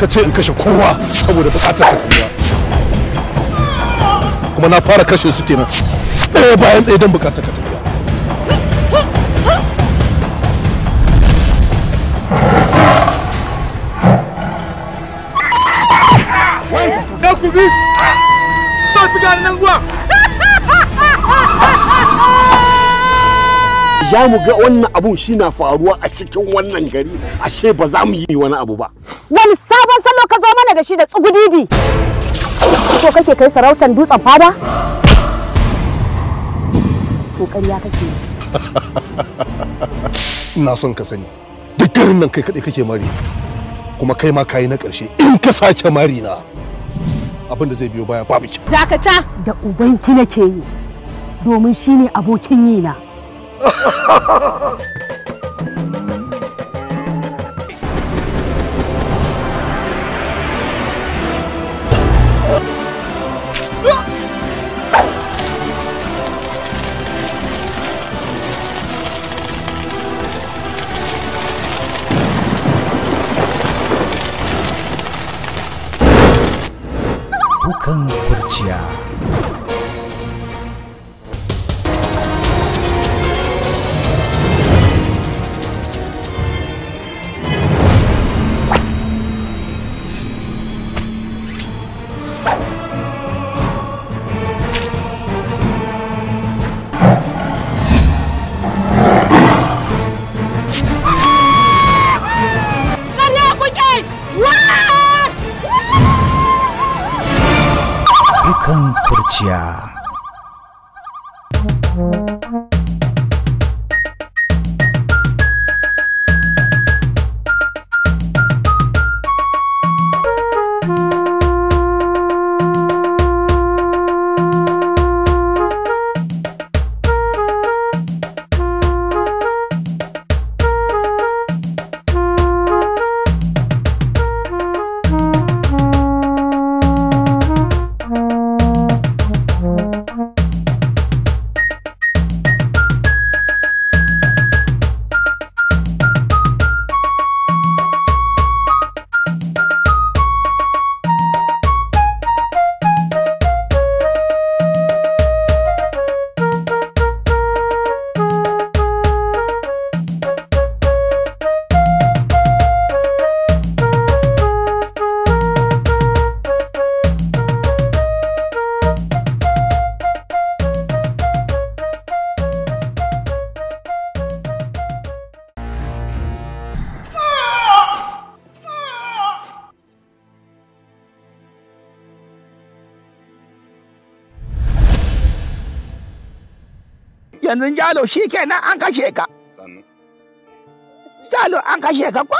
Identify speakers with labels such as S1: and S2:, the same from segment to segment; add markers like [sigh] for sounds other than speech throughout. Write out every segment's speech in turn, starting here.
S1: ka ce in kashe kowa saboda bukatar ka tafiya kuma na fara kashe su kenan ɗaya bayan ɗaya don bukatar ka tafiya
S2: Dan Za mu ga wannan abun shi na faruwa a cikin wannan gari, ashe ba za mu yi wani abu ba.
S3: wani sabon salo ka zo mana da shi da tsugudidi ko kake kai sarautar dutsen fada
S1: to ƙarya kake [laughs] ina son ka sani duk garin nan kai kaɗai kake mari kuma kai ma kayi na ƙarshe in ka sake mari na abin da zai biyo baya babu ki
S3: dakata da ubanki nake yi domin shine abokin yi na
S1: [laughs]
S3: Tengkurcia.
S2: yanzu jalo shi kenan an kashe ka. Jalo an kashe ka ko?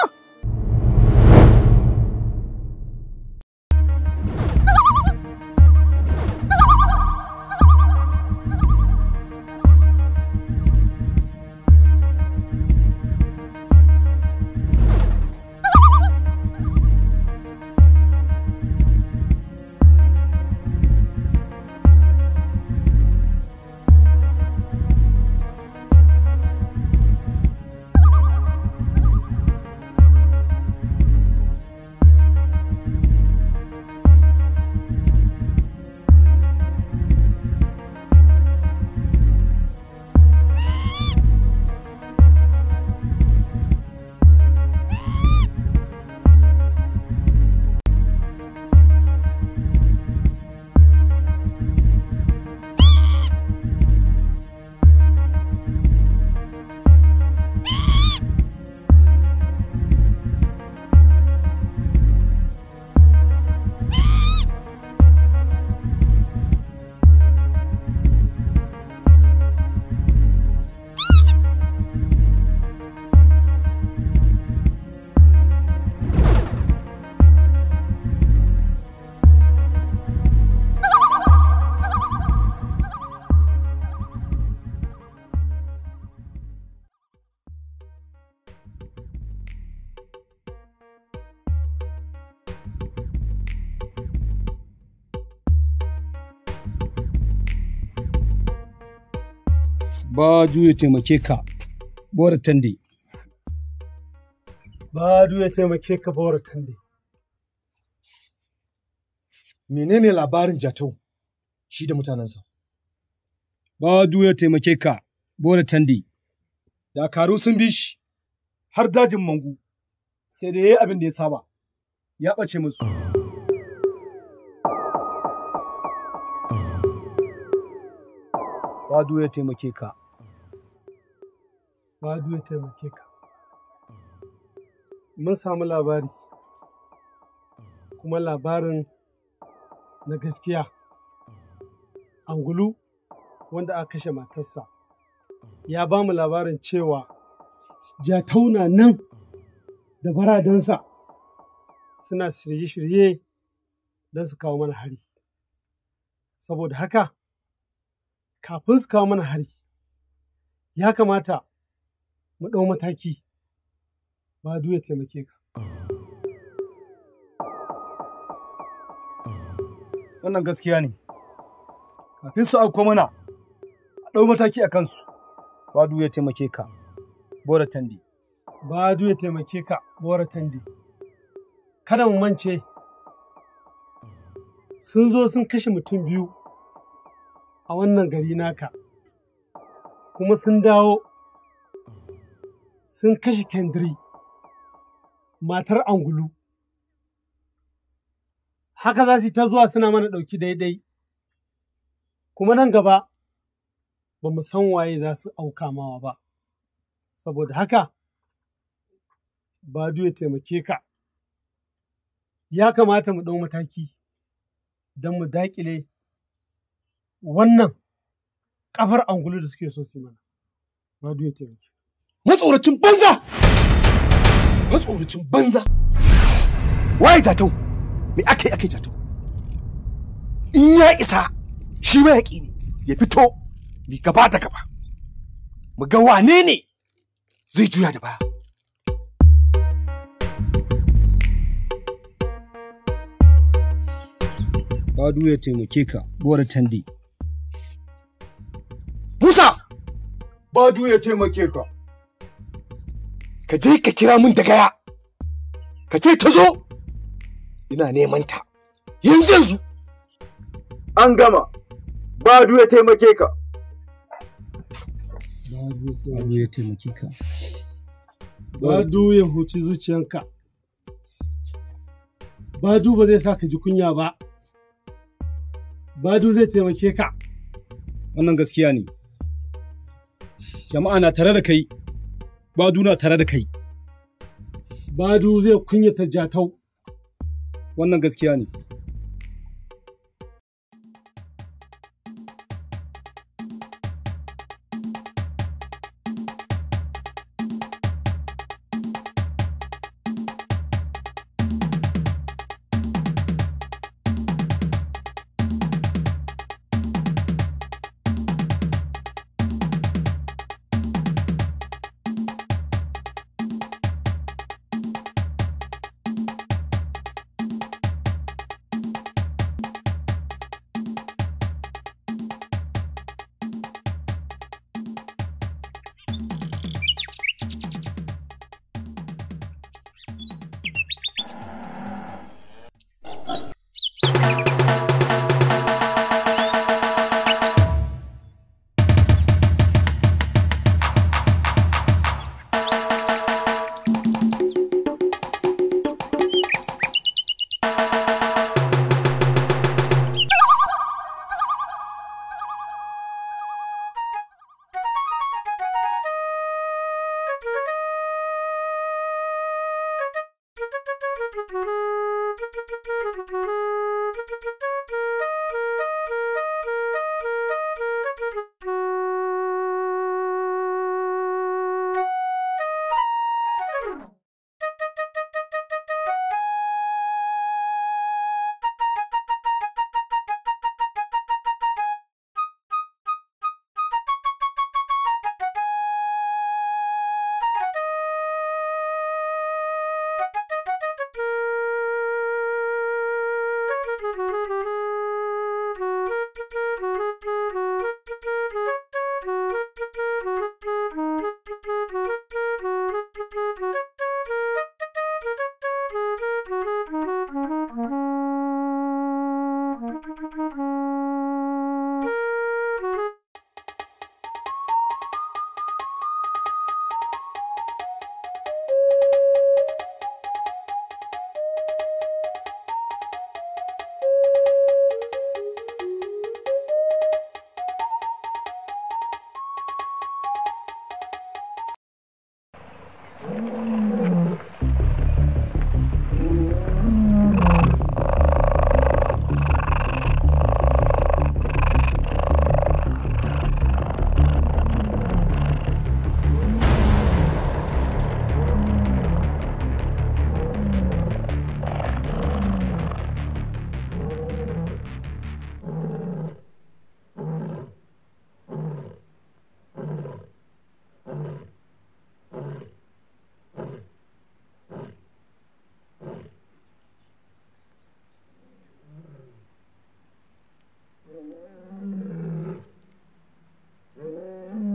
S4: badu ya taimake ka, Bora Tande. Badu ya taimake ka, Bora Tande. Menene labarin Jatau shi da mutanensa? Badu ya taimake ka, Bora Tande. Dakaru sun bi shi har dajin mangu, sai da ya yi abin da ya saba, ya ɓace musu. Badu ya taimake ka, Fadu ya taimake ka. Mun samu labari, kuma labarin na gaskiya. Angulu wanda aka kashe matarsa ya ba mu labarin cewa jatauna nan da baradansa suna shirye-shirye don su kawo mana hari. Saboda haka, kafin su kawo mana hari, ya kamata mu ɗau mataki ba ya taimake ka. Wannan gaskiya ne, kafin su auko mana a ɗau mataki a kansu ba ya taimake ka bora tandi. Ba ya taimake ka bora tandi. Kada mu mance sun zo sun kashe mutum biyu a wannan gari naka kuma sun dawo sun kashe kendiri matar angulu haka za su ta zuwa suna mana ɗauki daidai kuma nan gaba ba mu san waye za su auka mawa ba saboda haka badu ya taimake ka ya kamata mu ɗau mataki don mu daƙile wannan ƙafar angulu da suke so su mana badu ya taimake matsoracin banza
S1: matsoracin banza waye jatau me ake ake jatau in ya isa shi mayaƙi ne ya fito mi gaba da gaba
S4: mu ga wane ne zai juya da baya Fadu ya taimake ka, Bora Tande. Musa! Badu ya taimake ka. ka je ka kira min da gaya ka ce ta zo ina neman ta yanzu yanzu an gama badu ya taimake ka badu ya taimake ka badu ya huci zuciyanka badu ba zai sa ka ji kunya ba badu zai taimake ka wannan gaskiya ne jama'a na tare da kai Badu na tare da kai. Badu zai kunyata jatau. Wannan gaskiya ne.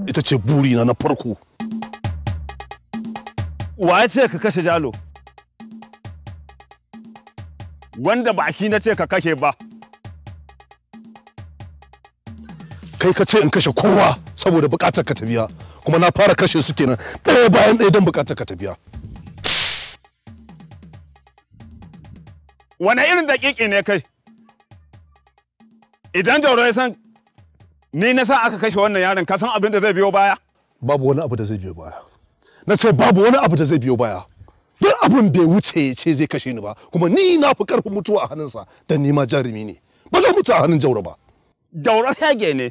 S1: ita ce burina na farko Wa ya ce ka kashe jalo wanda ba shi na ce ka kashe ba kai ka ce in kashe kowa saboda bukatar ka ta kuma na fara kashe su kenan ɗaya bayan ɗaya don bukatar ka ta
S2: wane irin daƙiƙi ne kai
S1: idan jauro ya san ni na sa aka kashe wannan yaron ka san abin da zai biyo baya babu wani abu da zai biyo baya na ce babu wani abu da zai biyo baya duk abin bai wuce ya ce zai kashe ni ba kuma ni na fi karfin mutuwa a hannunsa dan ni ma jarumi ne ba zan mutu a hannun jaura ba jaura shage ne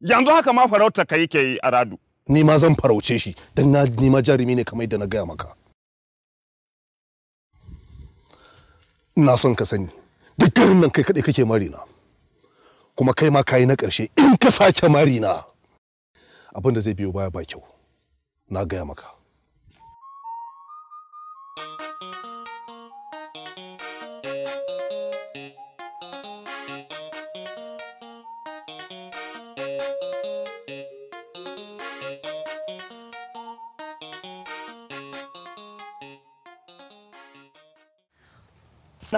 S1: yanzu haka ma farauta kai ke yi a radu ni ma zan farauce shi dan na nima jarumi ne kamar yadda na gaya maka ina son ka sani duk garin nan kai kaɗai kake na. kuma kai ma kayi na ƙarshe in ka sake marina abin da zai biyo baya ba kyau na gaya maka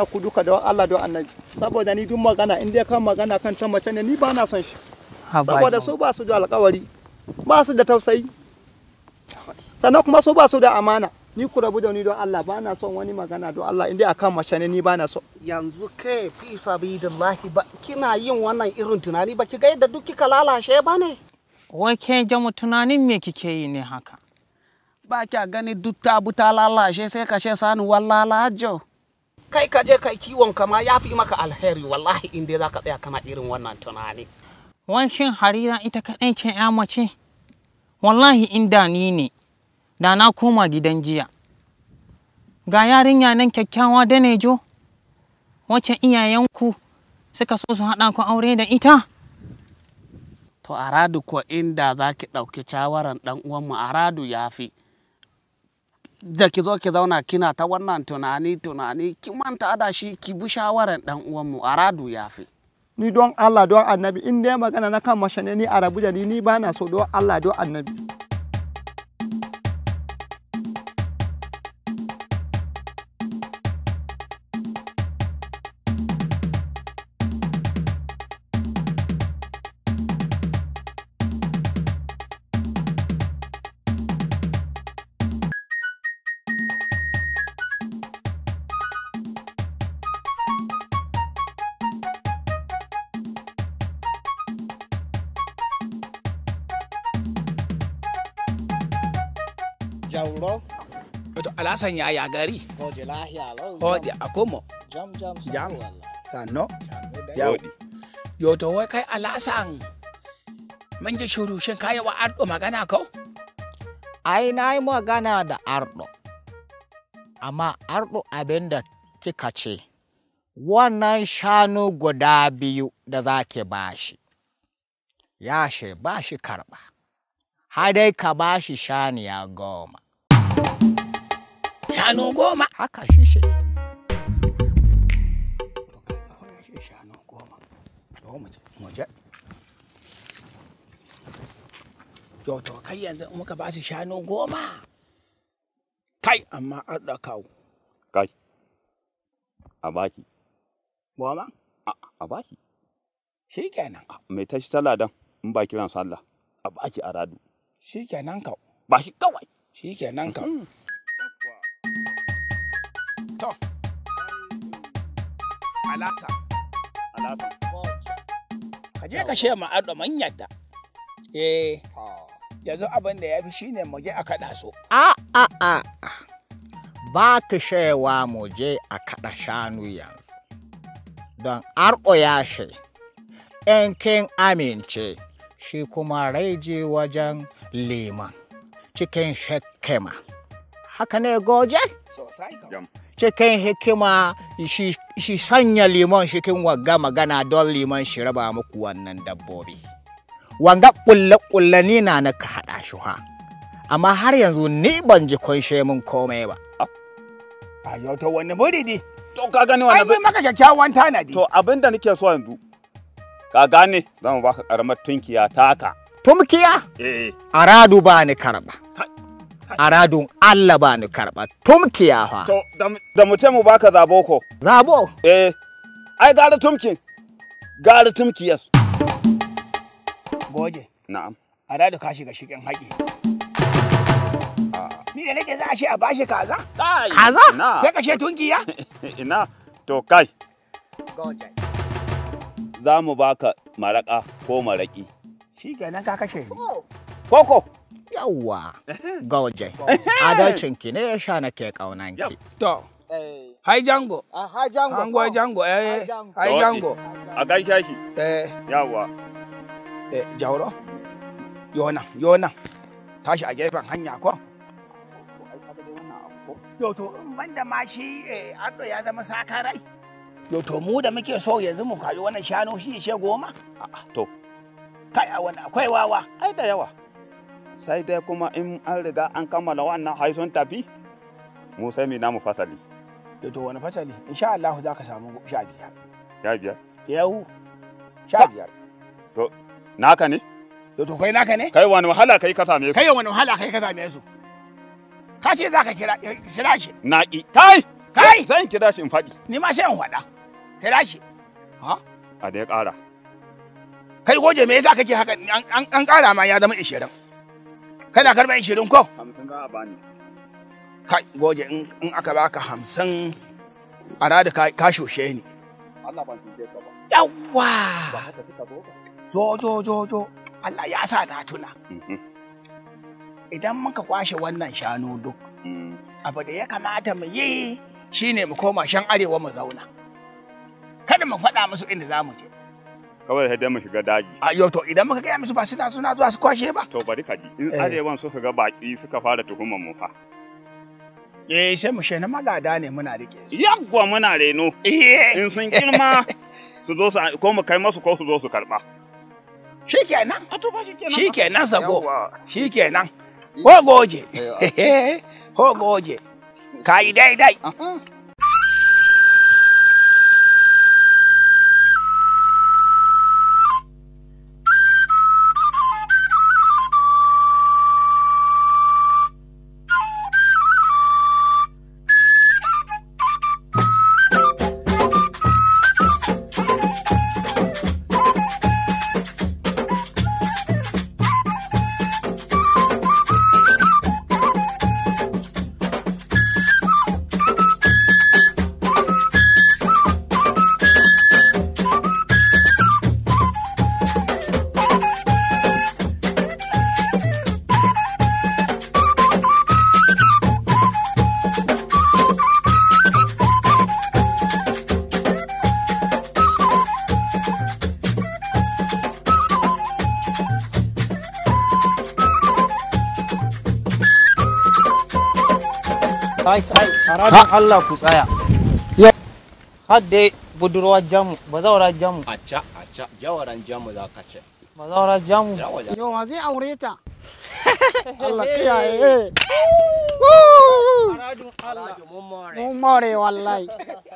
S3: sa ku duka da Allah da annabi saboda ni duk magana in dai kan magana kan ta mace ne ni ba na son shi saboda su ba su da alƙawari ba su da tausayi sannan kuma su ba su da amana ni ku rabu da ni don Allah ba na son wani magana don Allah in dai akan mace ne ni ba na so yanzu ke fi sabidillahi ba kina yin wannan irin tunani ba ki ga yadda duk kika lalace ba ne wai ke jamu tunanin me kike yi ne haka
S2: ba kya gani duk ta buta lalashe sai kashe
S3: sanuwar lalajo kai ka je kai kiwon kama ya fi maka alheri wallahi in dai zaka tsaya kana irin wannan tunani wanshin harira ita kaɗai ce ya mace wallahi in da ni ne da na koma gidan jiya ga yarinya nan kyakkyawa da nejo wacce iyayenku suka so su haɗa ku aure da ita
S2: to aradu ko inda za ki ɗauki shawaran ɗan uwanmu aradu ya fi da ki zo ki zauna kina ta wannan tunani tunani ki manta da shi ki bi shawaran dan uwanmu aradu ya fi
S3: ni don Allah don annabi in dai magana na kan mashane ni arabu da ni ni bana so don Allah don annabi
S2: Jauro. Wato alasan ya ya
S3: gari. Odi lahiya lau. Odi akomo. Jam jam jam. Sanno. Ya odi.
S2: Yo to wai kai alasan. Man ji shuru shin kai wa ardo
S3: magana ko? Ai na yi magana da ardo. Amma ardo abinda kika ce. Wannan shanu guda biyu da zake bashi. Ya she bashi karɓa. har dai ka ba shi shaniya goma. Shanu goma? Haka shi shi. Shanu goma.
S2: Yau to kai yanzu muka ba su shanu goma. Kai amma an kawo.
S4: Kai. A baki.
S2: Goma? A baki. Shi kenan. Mai tashi taladan in ba kiran sallah. A baki a radu. Shi nan ka Ba shi kawai. Shi nan mm-hmm. ka To. alaka alaka Ka je ka shema ado man yadda. Eh. Yanzu abin da ya fi shine mu je a kaɗa so.
S3: A a a. Ba ka shewa mu je a kaɗa shanu yanzu. Don arko ya shi ‘yan kin amince. shi kuma raije wajen liman cikin hikima haka ne goje cikin hikima shi sanya liman cikin wagga magana don liman shi raba muku wannan dabbobi wanga kulle-kulle ni na naka ka haɗa shi ha amma har yanzu ni ban ji kunshe min komai ba
S2: a yau ta wani buridi to ka gani wani maka kyakkyawan tanadi to abinda nake so yanzu ka gane zan baka karamar tunkiya taka tumkiya eh
S3: aradu ba ni karba aradun Allah ba ni karba. tumkiya fa.
S2: To, da mu ce mu baka zabo ko? Zabo? Eh, ai gara tumkin, gara tumkiyas. Goje. Na'am. Aradu ka shiga shiƙin haƙi. Ni da nake za a ce a bashi kaza? Kaza? Sai ka ce tunkiya? [laughs] Ina, to kai. Goje. za mu baka maraƙa ko maraƙi. Shi kenan ka kashe. Oh.
S3: Koko. Yawwa, [laughs] gauje, adalcinki ne ya sha na ƙaunan ƙaunanki. To, ah, hai jango.
S2: Hai jango. Hango oh. eh, eh. jango, hai jango. A gaishe shi. Eh. Yawwa. Eh, jauro. Yona, yona. Tashi a gefen hanya ko? Yoto. banda ma shi eh, Addo ya zama sakarai. to mu da muke so yanzu mu kaji wannan shanu shi she goma? A'a to. Kai a wannan akwai wawa. Ai da yawa. Sai dai kuma in an riga an kammala wannan haison tafi mu sai mi namu fasali. Yo to wani fasali insha Allah za ka samu sha biyar. Sha biyar? Yau. Sha biyar. To naka ne? Yo to kai naka ne? Kai wani wahala kai ka same su. Kai wani wahala kai ka same su. Ka ce za ka kira shi. Naƙi. Kai! Kai! Zan kira shi in faɗi. Ni ma sai in faɗa. Hirashi. Ha? A da ya ƙara. Kai goje me yasa kake haka an ƙara ma ya zama ishirin. Kana karɓar ishirin ko? Hamsin za a bani. Kai goje in aka baka hamsin a rada ka shoshe ni.
S1: Allah ban tuke ka ba. Yawwa! Ba haka kika zo ba.
S2: Jo jo jo jo. Allah ya sa ta tuna. Mhm. Idan muka kwashe wannan shanu duk, mm. abu da ya kamata mu yi shi ne mu koma shan arewa mu zauna. kada mu faɗa musu inda za mu je kawai sai dai mu shiga daji a yau to idan muka gaya musu ba suna suna zuwa su kwashe ba to bari ka ji in eh. arewan suka ga baki suka fara tuhumar mu fa eh sai mu shena magada ne muna rike yagwa muna reno eh. in sun girma [laughs] su zo su ko mu kai musu ko su zo su karba shikenan a to ba shikenan shikenan sako shikenan ho goje eh, [laughs] ho goje ka dai dai.
S3: Kai Allah ku tsaya. Hadde budurwa jamu, bazawara jamu. Acca, acca, jawaran jamu za ka ce. Bazawara jamu. Yo, zai aure ta? [laughs] Allah kiyaye. Harajin Allah. Mun more wallahi. [laughs]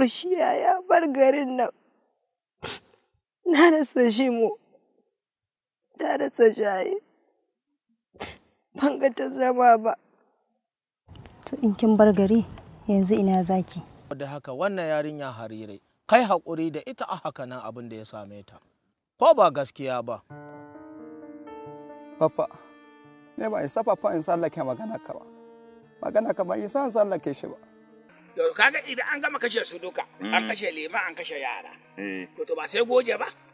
S2: Urshiya ya bar garin nan. Na rasa shi mu, ta rasa shaye, ban ga ta zama
S4: ba. To in kin bar gari yanzu ina zaki.
S2: Da haka wannan yarinya harire, kai haƙuri da ita a haka nan abin da ya same ta, ko ba gaskiya ba. Fafa, ne ba isa safafa in sallake magana ka ba, magana ka ba in sallake shi ba. kaga idan an gama kashe su duka an mm. kashe lema an kashe yara eh. to to ba sai goje ba